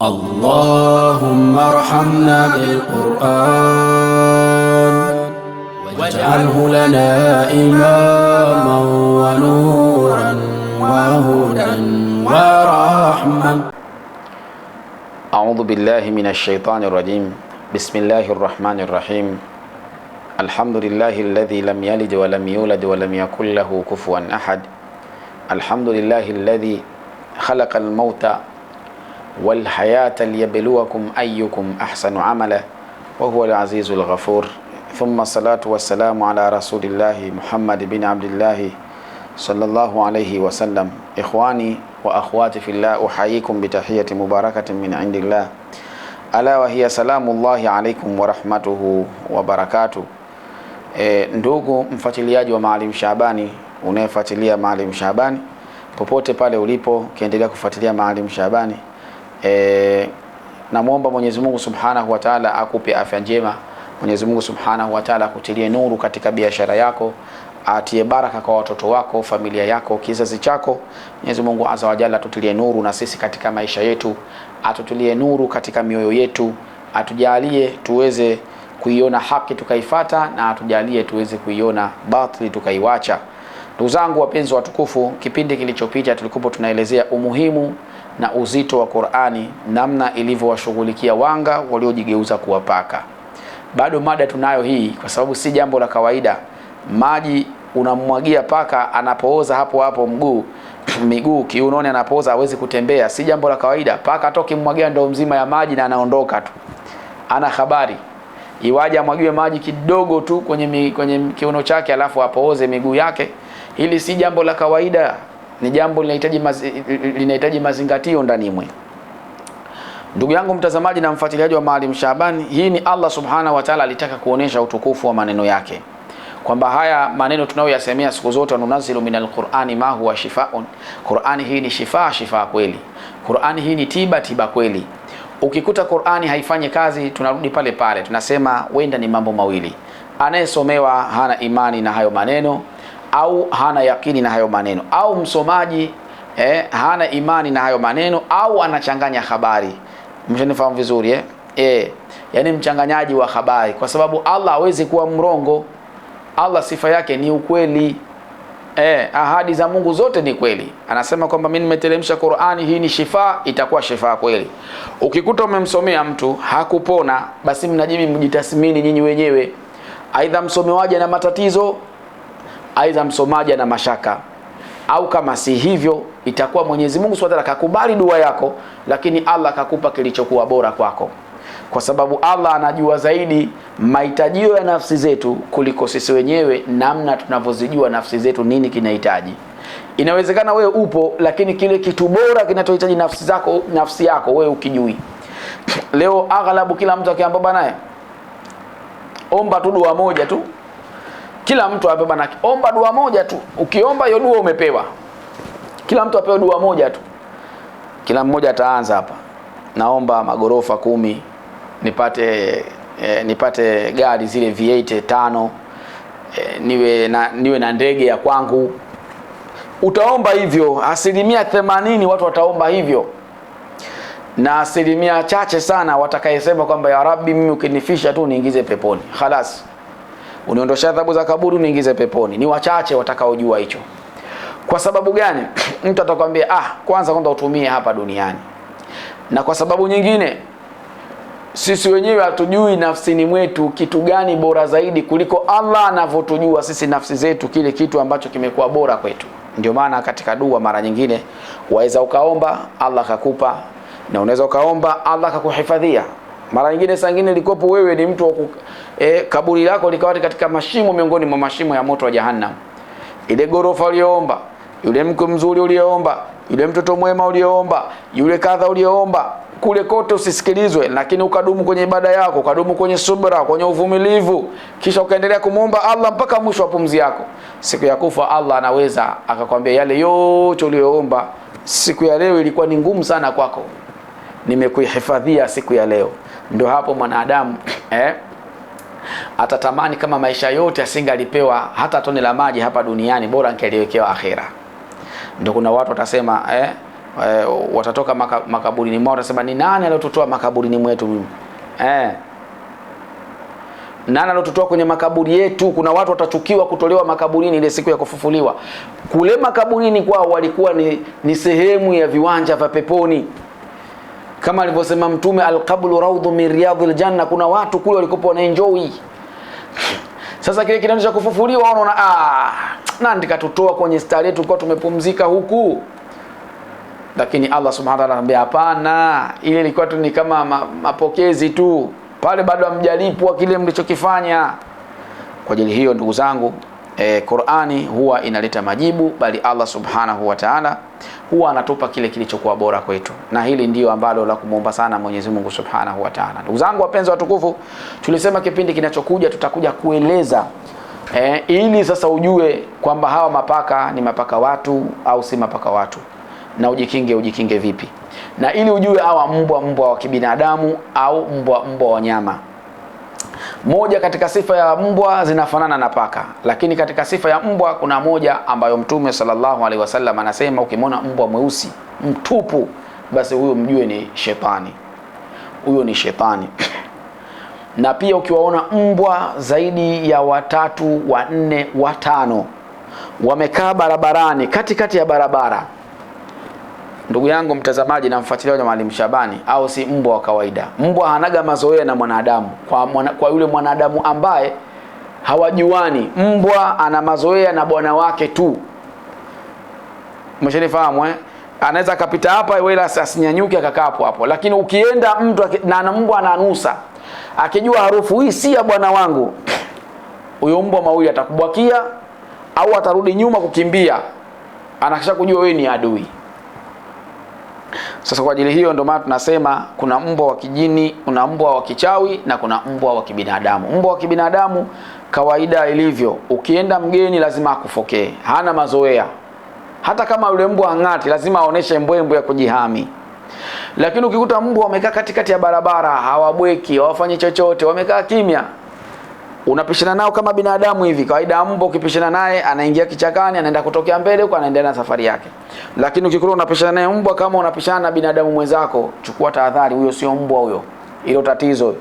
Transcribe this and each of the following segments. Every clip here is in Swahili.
اللهم ارحمنا بالقرآن واجعله لنا إماما ونورا وهدى ورحمة أعوذ بالله من الشيطان الرجيم بسم الله الرحمن الرحيم الحمد لله الذي لم يلد ولم يولد ولم يكن له كفوا أحد الحمد لله الذي خلق الموت والحياة ليبلوكم ايكم احسن عملا وهو العزيز الغفور ثم الصلاة والسلام على رسول الله محمد بن عبد الله صلى الله عليه وسلم اخواني وأخواتي في الله أحييكم بتحية مباركة من عند الله ألا وهي سلام الله عليكم ورحمته وبركاته E, ndugu mfuatiliaji wa Maalim Shabani, unayefuatilia Maalim Shabani popote pale ulipo, ukiendelea kufuatilia Maalim Shabani e, namwomba Mwenyezi Mungu Subhanahu wa Ta'ala akupe afya njema. Mwenyezi Mungu Subhanahu wa Ta'ala akutilie nuru katika biashara yako, atie baraka kwa watoto wako, familia yako, kizazi chako. Mwenyezi Mungu Azza wa Jalla atutilie nuru na sisi katika maisha yetu, atutulie nuru katika mioyo yetu, atujalie tuweze kuiona haki tukaifata, na atujalie tuweze kuiona batili tukaiwacha. Ndugu zangu wapenzi watukufu, kipindi kilichopita tulikuwa tunaelezea umuhimu na uzito wa Qur'ani, namna ilivyowashughulikia wanga waliojigeuza kuwa paka. Bado mada tunayo hii, kwa sababu si jambo la kawaida. Maji unamwagia paka, anapooza hapo hapo mguu miguu kiunoni, anapooza hawezi kutembea, si jambo la kawaida. Paka hata ukimwagia ndoo mzima ya maji na anaondoka tu, ana habari iwaje amwagiwe maji kidogo tu kwenye, mi, kwenye kiuno chake alafu apooze miguu yake. Hili si jambo la kawaida ni jambo linahitaji mazi, linahitaji mazingatio ndani mwe. Ndugu yangu mtazamaji na mfuatiliaji wa Maalim Shabani, hii ni Allah subhanahu wa taala alitaka kuonesha utukufu wa maneno yake kwamba haya maneno tunayoyasemea siku zote, wanunazilu minal qurani ma huwa shifaun, Qurani hii ni shifa shifaa kweli. Qurani hii ni tiba, tiba kweli. Ukikuta Qurani haifanyi kazi, tunarudi pale pale, tunasema wenda ni mambo mawili, anayesomewa hana imani na hayo maneno au hana yakini na hayo maneno au msomaji eh, hana imani na hayo maneno au anachanganya habari. Mshanifahamu vizuri eh? Eh, yani mchanganyaji wa habari, kwa sababu Allah hawezi kuwa mrongo. Allah sifa yake ni ukweli. Eh, ahadi za Mungu zote ni kweli. Anasema kwamba mimi nimeteremsha Qur'ani, hii ni shifa, itakuwa shifa kweli. Ukikuta umemsomea mtu hakupona, basi mnajimi mjitathmini nyinyi wenyewe, aidha msomewaji ana matatizo aidha msomaji ana mashaka au kama si hivyo, itakuwa Mwenyezi Mungu Subhanahu wa Ta'ala kakubali dua yako, lakini Allah akakupa kilichokuwa bora kwako, kwa sababu Allah anajua zaidi mahitajio ya nafsi zetu kuliko sisi wenyewe namna tunavyozijua nafsi zetu nini kinahitaji. Inawezekana wewe upo, lakini kile kitu bora kinachohitaji nafsi zako, nafsi yako wewe ukijui. Leo aghalabu kila mtu akiambaba naye omba tu dua moja tu kila mtu apewe bana, omba dua moja tu. Ukiomba hiyo dua umepewa. Kila mtu apewe dua moja tu. Kila mmoja ataanza hapa, naomba magorofa kumi nipate eh, nipate gari zile V8 tano eh, niwe na niwe na ndege ya kwangu. Utaomba hivyo, asilimia themanini watu wataomba hivyo, na asilimia chache sana watakayesema kwamba ya Rabbi, mimi ukinifisha tu niingize peponi, khalas uniondoshe adhabu za kaburi, uniingize peponi. Ni wachache watakaojua hicho. Kwa sababu gani? Mtu atakwambia ah, kwanza kwanza utumie hapa duniani, na kwa sababu nyingine sisi wenyewe hatujui nafsini mwetu kitu gani bora zaidi kuliko Allah anavyotujua sisi nafsi zetu, kile kitu ambacho kimekuwa bora kwetu. Ndio maana katika dua mara nyingine waweza ukaomba Allah akakupa, na unaweza ukaomba Allah akakuhifadhia. Mara nyingine saa nyingine likopo wewe ni mtu wa e, kaburi lako likawa katika mashimo miongoni mwa mashimo ya moto wa Jahannam. Ile gorofa uliyoomba, yule mke mzuri uliyoomba, yule mtoto mwema uliyoomba, yule kadha uliyoomba, kule kote usisikilizwe, lakini ukadumu kwenye ibada yako, ukadumu kwenye subra, kwenye uvumilivu, kisha ukaendelea kumwomba Allah mpaka mwisho wa pumzi yako. Siku ya kufa Allah anaweza akakwambia yale yote uliyoomba siku ya leo ilikuwa ni ngumu sana kwako, nimekuhifadhia siku ya leo ndio hapo mwanadamu eh, atatamani kama maisha yote asingalipewa hata tone la maji hapa duniani, bora angeliwekewa akhira. Ndio kuna watu watasema eh, eh, watatoka maka, makaburini mwao watasema ni nani aliyotutoa makaburini mwetu eh, nani aliyotutoa kwenye makaburi yetu? Kuna watu watachukiwa kutolewa makaburini ile siku ya kufufuliwa. Kule makaburini kwao walikuwa ni, ni sehemu ya viwanja vya peponi kama alivyosema Mtume, alqablu raudhu min riyadhil janna, kuna watu kule walikopo wanaenjoy. Sasa kile kitendo cha kufufuliwa wanaona ah, na katutoa kwenye stari yetu, kwa tumepumzika huku. Lakini Allah subhanahu wa ta'ala anambia hapana, ile ilikuwa tu ni kama mapokezi tu, pale bado hamjalipwa kile mlichokifanya. Kwa ajili hiyo, ndugu zangu e, Qur'ani huwa inaleta majibu, bali Allah subhanahu wa ta'ala huwa anatupa kile kilichokuwa bora kwetu, na hili ndio ambalo la kumwomba sana Mwenyezi Mungu subhanahu wa ta'ala. Ndugu zangu wapenzi watukufu, tulisema kipindi kinachokuja tutakuja kueleza e, ili sasa ujue kwamba hawa mapaka ni mapaka watu au si mapaka watu, na ujikinge, ujikinge vipi, na ili ujue hawa mbwa mbwa wa kibinadamu au mbwa mbwa wa nyama moja katika sifa ya mbwa zinafanana na paka, lakini katika sifa ya mbwa kuna moja ambayo Mtume sallallahu alaihi wasallam anasema, ukimwona mbwa mweusi mtupu, basi huyo mjue ni shetani, huyo ni shetani. Na pia ukiwaona mbwa zaidi ya watatu, wanne, watano wamekaa barabarani, katikati ya barabara Ndugu yangu mtazamaji na mfuatiliaji wa Mwalimu Shabani, au si mbwa wa kawaida. Mbwa hanaga mazoea na mwanadamu kwa, mwana, kwa yule mwanadamu ambaye hawajuani. Mbwa ana mazoea na bwana wake tu, umeshanifahamu eh? Anaweza akapita hapa wala asinyanyuke akakaa hapo hapo, lakini ukienda mtu na mbwa ananusa, akijua harufu hii si ya bwana wangu, huyo mbwa mawili atakubwakia au atarudi nyuma kukimbia, anakisha kujua wewe ni adui. Sasa kwa ajili hiyo ndio maana tunasema kuna mbwa wa kijini, kuna mbwa wa kichawi na kuna mbwa wa kibinadamu. Mbwa wa kibinadamu kawaida ilivyo, ukienda mgeni lazima akufokee, hana mazoea. Hata kama yule mbwa ang'ati, lazima aoneshe mbwembwe ya kujihami. Lakini ukikuta mbwa wamekaa katikati ya barabara, hawabweki, hawafanyi chochote, wamekaa kimya unapishana nao kama binadamu hivi kawaida. Mbwa ukipishana naye anaingia kichakani, anaenda kutokea mbele huko, anaendelea na safari yake. Lakini ukikuwa unapishana naye mbwa kama unapishana na binadamu mwenzako, chukua tahadhari, huyo sio mbwa huyo, hilo tatizo.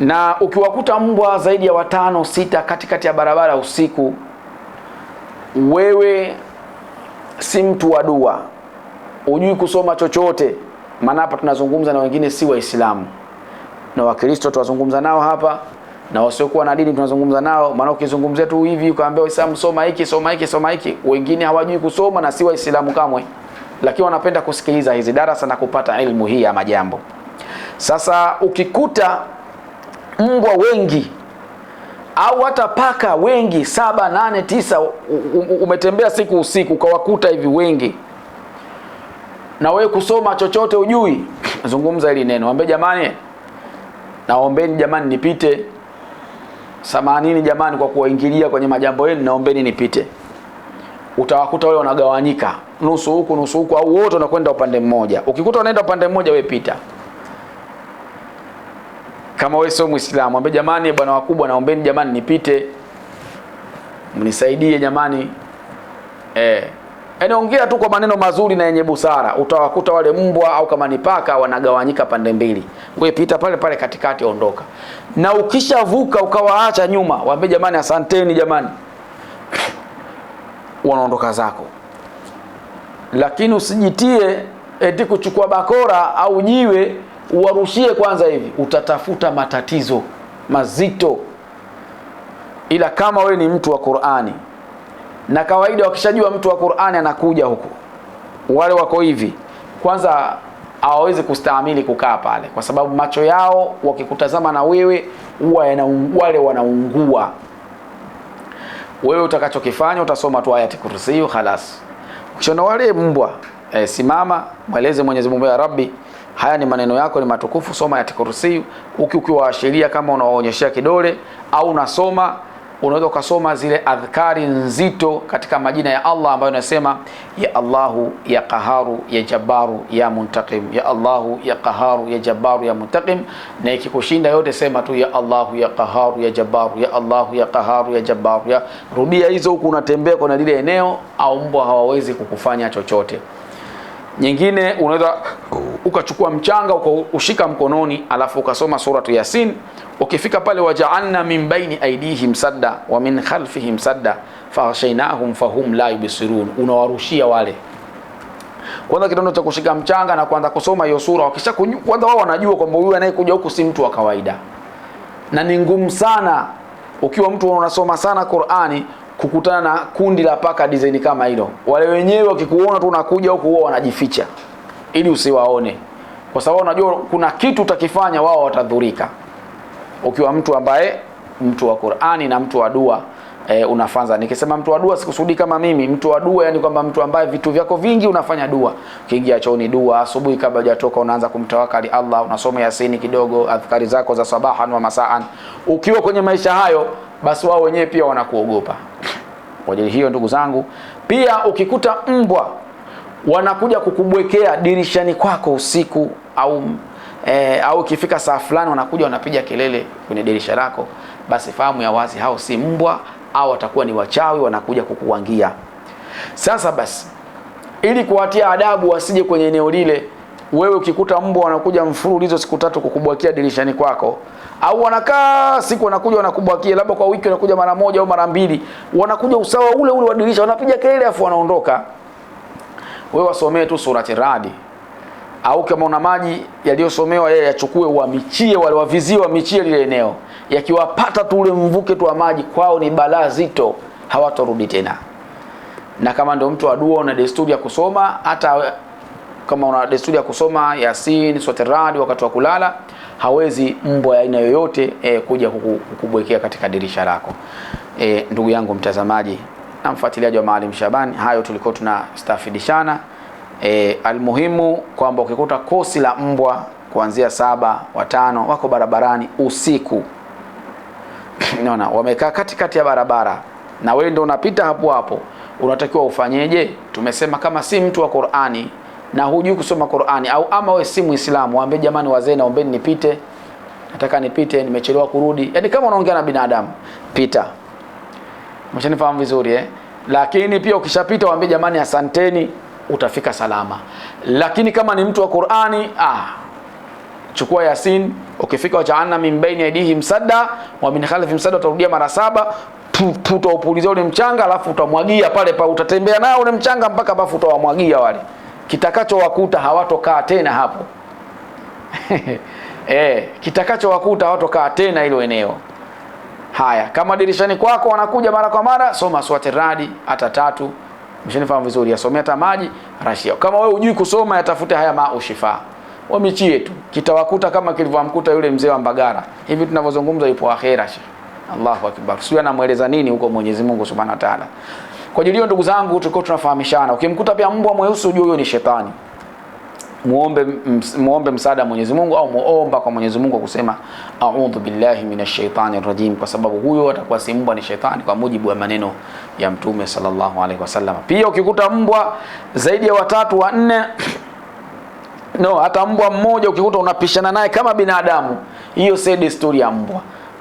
Na ukiwakuta mbwa zaidi ya watano sita katikati ya barabara usiku, wewe si mtu wa dua, hujui kusoma chochote, maana hapa tunazungumza na wengine si Waislamu na Wakristo tuwazungumza nao hapa na wasiokuwa na dini tunazungumza nao, maana ukizungumzia tu hivi ukaambia Waislamu soma hiki soma hiki soma hiki, wengine hawajui kusoma na si Waislamu kamwe, lakini wanapenda kusikiliza hizi darasa na kupata elimu hii ya majambo. Sasa ukikuta mbwa wengi au hata paka wengi saba nane tisa, umetembea siku usiku ukawakuta hivi wengi, na wewe kusoma chochote ujui, zungumza hili neno, ambe jamani naombeni jamani nipite. Samanini jamani kwa kuwaingilia kwenye majambo yenu, naombeni nipite. Utawakuta wale wanagawanyika nusu huku nusu huku, au wote wanakwenda upande mmoja. Ukikuta unaenda upande mmoja, we pita. Kama wewe sio Muislamu, ambe jamani, bwana wakubwa, naombeni jamani nipite, mnisaidie jamani, eh. Yaani ongea tu kwa maneno mazuri na yenye busara, utawakuta wale mbwa au kama ni paka wanagawanyika pande mbili. Wewe pita pale pale katikati, ondoka. Na ukishavuka ukawaacha nyuma, waambie jamani, asanteni jamani, wanaondoka zako. Lakini usijitie eti kuchukua bakora au jiwe uwarushie kwanza, hivi utatafuta matatizo mazito. Ila kama wewe ni mtu wa Qur'ani na kawaida wakishajua mtu wa Qur'ani anakuja huku, wale wako hivi kwanza hawawezi kustahimili kukaa pale, kwa sababu macho yao wakikutazama na wewe huwa wale wanaungua. Wewe utakachokifanya utasoma tu ayati hiyo, khalas. Ukishona wale mbwa e, simama mweleze Mwenyezi Mungu ya Rabbi, haya ni maneno yako ni matukufu, soma ayati kursiyu, ukiwa kama unaonyeshea kidole au unasoma unaweza ukasoma zile adhkari nzito katika majina ya Allah ambayo inasema ya Allahu ya Qaharu ya Jabaru ya Muntaqim, ya Allahu ya Qaharu ya Jabaru ya Muntaqim. Na ikikushinda yote sema tu ya Allahu ya Qaharu ya Jabaru ya Allahu ya Qaharu ya Jabaru ya, rudia hizo huku unatembea kwa lile eneo, au mbwa hawawezi kukufanya chochote. Nyingine unaweza ukachukua mchanga ukaushika mkononi, alafu ukasoma suratu Yasin. Ukifika pale, wajaalna min baini aidihim sadda wa min khalfihim sadda faghshaynahum fahum la yubsirun, unawarushia wale kwanza kitendo cha kushika mchanga na kuanza kusoma hiyo sura. Wakisha kwanza wao wanajua kwamba huyu anayekuja huku si mtu wa kawaida, na ni ngumu sana ukiwa mtu unasoma sana Qur'ani kukutana na kundi la paka design kama hilo. Wale wenyewe wakikuona tu unakuja huku, wao wanajificha ili usiwaone, kwa sababu unajua kuna kitu utakifanya, wao watadhurika. Ukiwa mtu ambaye mtu wa Qur'ani na mtu wa dua e, unafanza. Nikisema mtu wa dua sikusudi kama mimi mtu wa dua, yani kwamba mtu ambaye vitu vyako vingi unafanya dua. Ukiingia chooni dua, asubuhi kabla hujatoka unaanza kumtawakali Allah, unasoma Yasini kidogo, adhkari zako za sabahan wa masaan. Ukiwa kwenye maisha hayo, basi wao wenyewe pia wanakuogopa. Kwa ajili hiyo, ndugu zangu, pia ukikuta mbwa wanakuja kukubwekea dirishani kwako usiku au e, au ikifika saa fulani wanakuja wanapiga kelele kwenye dirisha lako, basi fahamu ya wazi hao si mbwa au watakuwa ni wachawi wanakuja kukuangia. Sasa basi, ili kuwatia adabu wasije kwenye eneo lile, wewe ukikuta mbwa wanakuja mfululizo siku tatu kukubwakia dirishani kwako, au wanakaa siku wanakuja wanakubwakia, labda kwa wiki wanakuja mara moja au mara mbili, wanakuja usawa ule ule wa dirisha, wanapiga kelele afu wanaondoka wewe wasomee tu surati Radi, au kama una maji yaliyosomewa yeye yachukue, uamichie wale wavizie, wamichie lile eneo. Yakiwapata tu ule mvuke tu wa maji, kwao ni balaa zito, hawatorudi tena. Na kama ndio mtu wa dua, una desturi ya kusoma hata kama una desturi ya kusoma Yasin, surati Radi wakati wa kulala, hawezi mbwa ya aina yoyote e, kuja kukubwekea katika dirisha lako. E, ndugu yangu mtazamaji na mfuatiliaji wa Maalim Shabani. Hayo tulikuwa tunastafidishana. E, almuhimu kwamba ukikuta kosi la mbwa kuanzia saba watano wako barabarani usiku, unaona wamekaa katikati ya barabara na wewe ndio unapita hapo hapo, unatakiwa ufanyeje? Tumesema kama si mtu wa Qur'ani na hujui kusoma Qur'ani, au ama wewe si Muislamu, waambie jamani, wazee, naombeni nipite, nataka nipite, nimechelewa kurudi. Yaani kama unaongea na binadamu, pita. Umeshanifahamu vizuri eh? Lakini pia ukishapita waambie jamani, asanteni, utafika salama. Lakini kama ni mtu wa Qur'ani, ah, chukua Yasin. Ukifika wajaalna min baini aidihim sadda wa min khalfihim sadda, utarudia mara saba tutaupulizia ule mchanga alafu utamwagia pale pa, utatembea nao ule mchanga mpaka bafu utawamwagia wale, kitakachowakuta hawatokaa tena hapo. Eh, kitakachowakuta hawatokaa tena hilo eneo. Haya, kama dirishani kwako wanakuja mara kwa mara, soma swate radi hata tatu. mshinifahamu vizuri, asome hata maji rashia. Kama wewe hujui kusoma, yatafute haya ma ushifa wamichie tu, kitawakuta kama kilivyomkuta yule mzee wa Mbagara. Hivi tunavyozungumza yupo akhera. Allahu akbar, sio anamweleza nini huko Mwenyezi Mungu subhanahu wa taala. Kwa ajili hiyo, ndugu zangu, tulikuwa tunafahamishana. Ukimkuta pia mbwa mweusi, ujue huyo ni shetani muombe, muombe msaada Mwenyezi Mungu au muomba kwa Mwenyezi Mungu kusema a'udhu billahi minash shaitani rajim, kwa sababu huyo atakuwa si mbwa, ni shetani, kwa mujibu wa maneno ya Mtume sallallahu alaihi wasallam. Pia ukikuta mbwa zaidi ya watatu wa nne no, hata mbwa mmoja ukikuta unapishana naye kama binadamu, hiyo si desturi ya mbwa.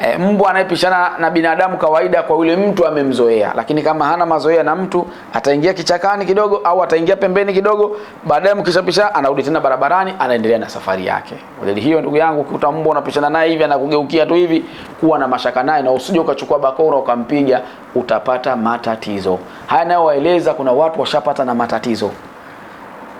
E, mbwa anayepishana na binadamu kawaida kwa yule mtu amemzoea, lakini kama hana mazoea na mtu ataingia kichakani kidogo au ataingia pembeni kidogo, baadaye mkishapishana anarudi tena barabarani, anaendelea na safari yake. Dalili hiyo, ndugu yangu, ukuta mbwa unapishana naye hivi anakugeukia tu hivi, kuwa na mashaka naye na usije ukachukua bakora ukampiga, utapata matatizo haya nayo waeleza. Kuna watu washapata na matatizo.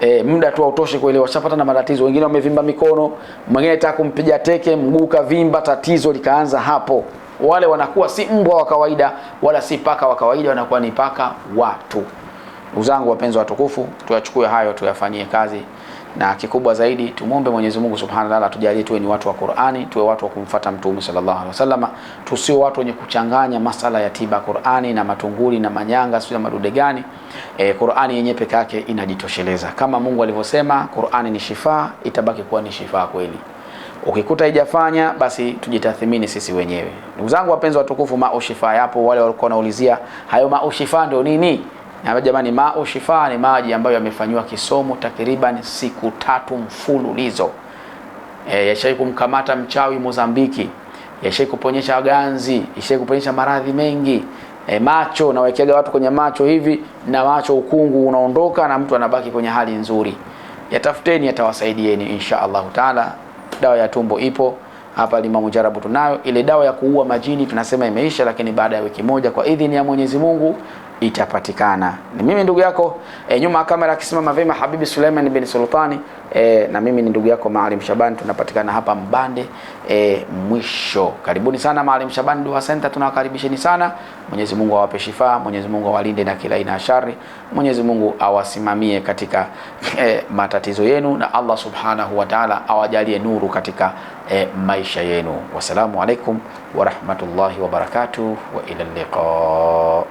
E, muda tu autoshe kuelewa, washapata na matatizo. Wengine wamevimba mikono, mwingine anataka kumpiga teke mguu kavimba, tatizo likaanza hapo. Wale wanakuwa si mbwa wa kawaida wala si paka wa kawaida, wanakuwa ni paka watu. Ndugu zangu wapenzi watukufu, tuyachukue hayo tuyafanyie kazi na kikubwa zaidi tumwombe Mwenyezi Mungu Subhanahu wa Ta'ala atujalie tuwe ni watu wa Qur'ani, tuwe watu wa kumfuata Mtume sallallahu alaihi wasallam, tusio watu wenye kuchanganya masala ya tiba Qur'ani na matunguli na manyanga sio madude gani. E, Qur'ani yenyewe peke yake inajitosheleza kama Mungu alivyosema, Qur'ani ni shifa, itabaki kuwa ni shifa kweli. Ukikuta haijafanya basi tujitathmini sisi wenyewe. Ndugu zangu wapenzi watukufu, maushifa yapo. Wale walikuwa wanaulizia hayo maushifa ndio nini? Na jamani, mao shifa ni maji ambayo yamefanywa kisomo takriban siku tatu mfululizo. E, yashai kumkamata mchawi Mozambiki, yashai kuponyesha ganzi, yashai kuponyesha maradhi mengi e, macho nawekeaga watu kwenye macho hivi na macho ukungu unaondoka na mtu anabaki kwenye hali nzuri. Yatafuteni, yatawasaidieni insha Allahu taala. Dawa ya tumbo ipo hapa Limamujarabu tunayo ile dawa ya kuua majini, tunasema imeisha, lakini baada ya wiki moja kwa idhini ya Mwenyezi Mungu itapatikana. Ni mimi ndugu yako e, nyuma ya kamera akisimama vema Habibi Suleiman bin Sultani e, na mimi ni ndugu yako Maalim Shabani, tunapatikana hapa Mbande e, mwisho. Karibuni sana Maalim Shabani Dua Center, tunawakaribisheni sana. Mwenyezi Mungu awape shifa, Mwenyezi Mungu awalinde na kila aina ya shari, Mwenyezi Mungu awasimamie katika e, matatizo yenu, na Allah Subhanahu wa Ta'ala awajalie nuru katika e, maisha yenu. Wassalamu alaikum warahmatullahi wabarakatuh, wa ila liqa